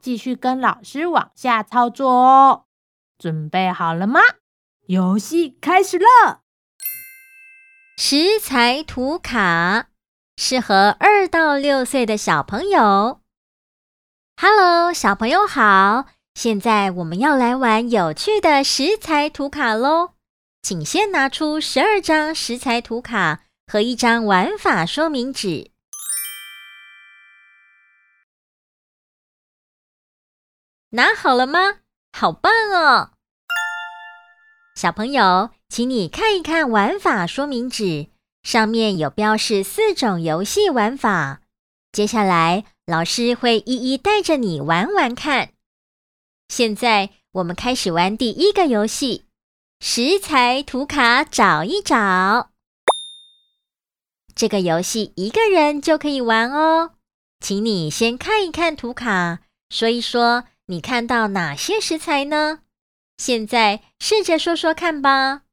繼續跟老師往下操作哦，準備好了嗎？遊戲開始了！食材圖卡適合二到六歲的小朋友。Hello，小朋友好！現在我們要來玩有趣的食材圖卡嘍，請先拿出十二張食材圖卡和一張玩法說明紙。拿好了嗎？好棒哦！小朋友，請你看一看玩法說明紙，上面有標示四種遊戲玩法。接下來，老師會一一帶着你玩玩看。現在，我們開始玩第一個遊戲，食材圖卡找一找。這個遊戲一個人就可以玩哦，請你先看一看圖卡，說一說。你看到哪些食材呢？現在試着說說看吧。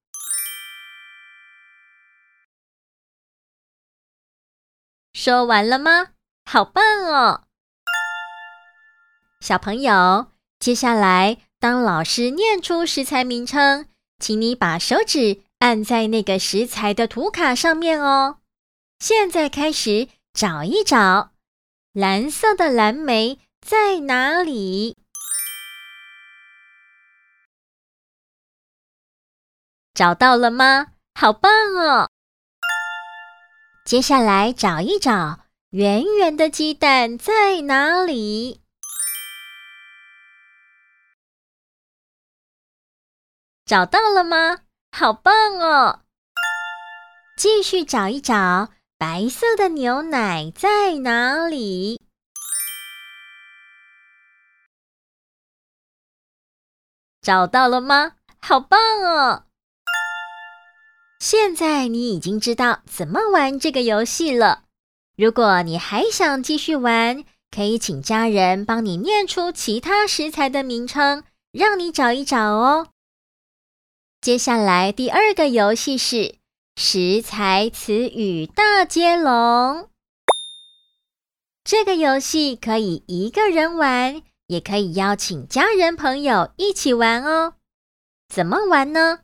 說完了嗎？好棒哦！小朋友，接下來當老師念出食材名稱，請你把手指按在那個食材的圖卡上面哦。現在開始找一找，藍色的藍莓在哪裡？找到了嗎？好棒哦！接下來找一找圓圓的雞蛋在哪裡？找到了嗎？好棒哦！繼續找一找白色的牛奶在哪裡？找到了嗎？好棒哦！現在你已經知道怎麼玩這個遊戲了。如果你還想繼續玩，可以請家人幫你念出其他食材的名稱，讓你找一找哦。接下來第二個遊戲是食材詞語大接龍。這個遊戲可以一個人玩，也可以邀請家人朋友一起玩哦。怎麼玩呢？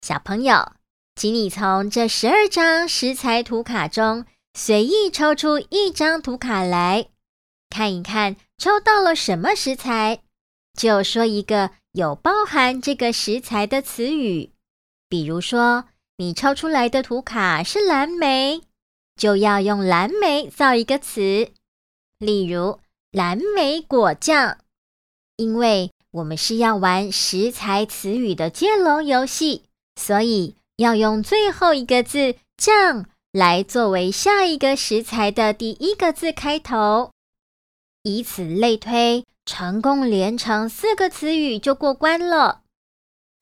小朋友。請你從這十二張食材圖卡中隨意抽出一張圖卡來，看一看抽到了什麼食材，就說一個有包含這個食材的詞語。比如說，你抽出來的圖卡是藍莓，就要用藍莓造一個詞，例如，藍莓果醬。因為我們是要玩食材詞語的接龍遊戲，所以。要用最後一個字“醬”來作為下一個食材的第一個字開頭，以此類推，成功連成四個詞語就過關了。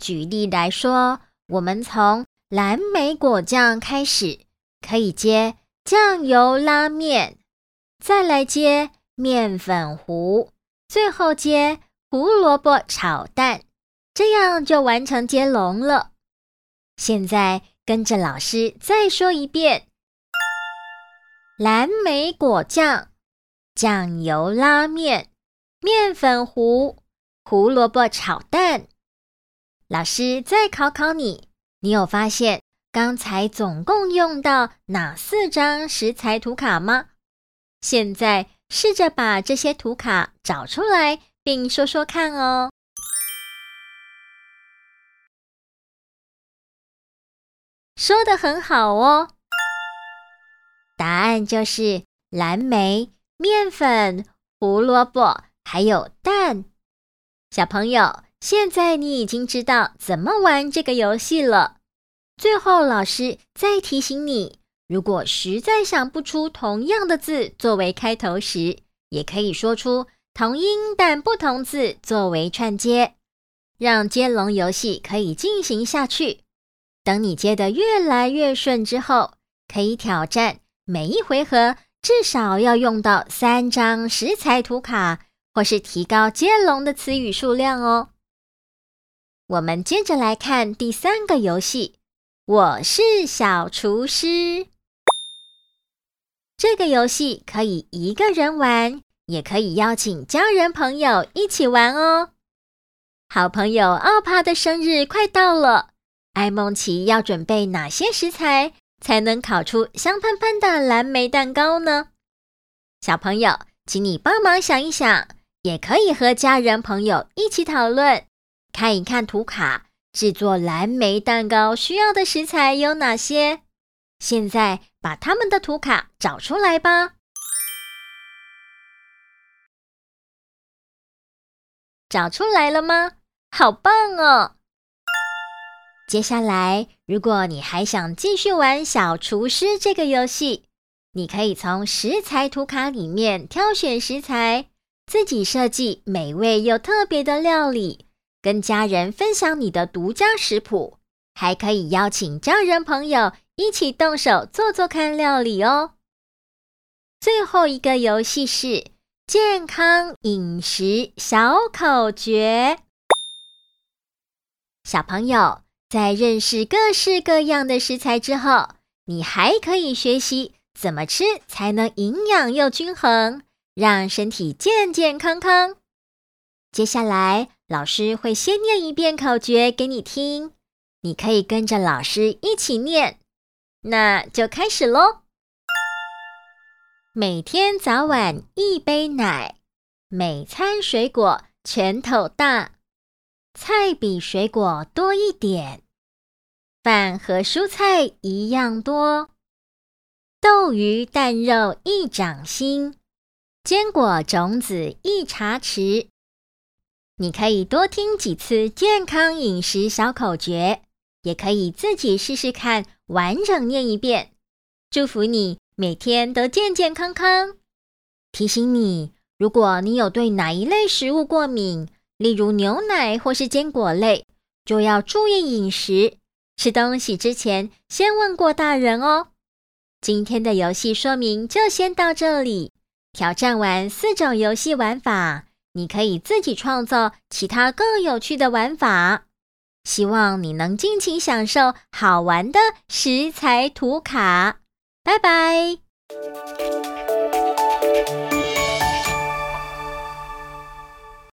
舉例來說，我們從藍莓果醬開始，可以接醬油拉麵，再來接麵粉糊，最後接胡蘿蔔炒蛋，這樣就完成接龍了。現在跟着老師再說一遍：藍莓果醬、醬油拉麵、麵粉糊、胡蘿蔔炒蛋。老師再考考你，你有發現剛才總共用到哪四張食材圖卡嗎？現在試着把這些圖卡找出來，並說說看哦。說得很好哦，答案就是藍莓、麵粉、胡蘿蔔還有蛋。小朋友，現在你已經知道怎麼玩這個遊戲了。最後老師再提醒你，如果實在想不出同樣的字作為開頭時，也可以說出同音但不同字作為串接，讓接龍遊戲可以進行下去。等你接得越來越順之後，可以挑戰每一回合至少要用到三張食材圖卡，或是提高接龍的詞語數量哦。我們接着來看第三個遊戲，我是小廚師。這個遊戲可以一個人玩，也可以邀請家人朋友一起玩哦。好朋友奧帕的生日快到了。愛孟奇要準備哪些食材才能烤出香噴噴的藍莓蛋糕呢？小朋友，請你幫忙想一想，也可以和家人朋友一起討論。看一看圖卡，製作藍莓蛋糕需要的食材有哪些？現在把他們的圖卡找出來吧。找出來了嗎？好棒哦！接下來，如果你還想繼續玩小廚師這個遊戲，你可以從食材圖卡裡面挑選食材，自己設計美味又特別的料理，跟家人分享你的獨家食譜，還可以邀請家人朋友一起動手做做看料理哦。最後一個遊戲是健康飲食小口訣。小朋友，在認識各式各樣的食材之後，你還可以學習怎麼吃才能營養又均衡，讓身體健健康康。接下來，老師會先念一遍口訣給你聽，你可以跟着老師一起念。那就開始嘍！每天早晚一杯奶，每餐水果拳頭大。菜比水果多一點，飯和蔬菜一樣多，豆魚蛋肉一掌心，堅果種子一茶匙。你可以多聽幾次健康飲食小口訣，也可以自己試試看，完整念一遍。祝福你每天都健健康康。提醒你，如果你有對哪一類食物過敏，例如牛奶或是堅果類，就要注意飲食。吃東西之前，先問過大人哦。今天的遊戲說明就先到這裡。挑戰完四種遊戲玩法，你可以自己創造其他更有趣的玩法。希望你能盡情享受好玩的食材圖卡。拜拜。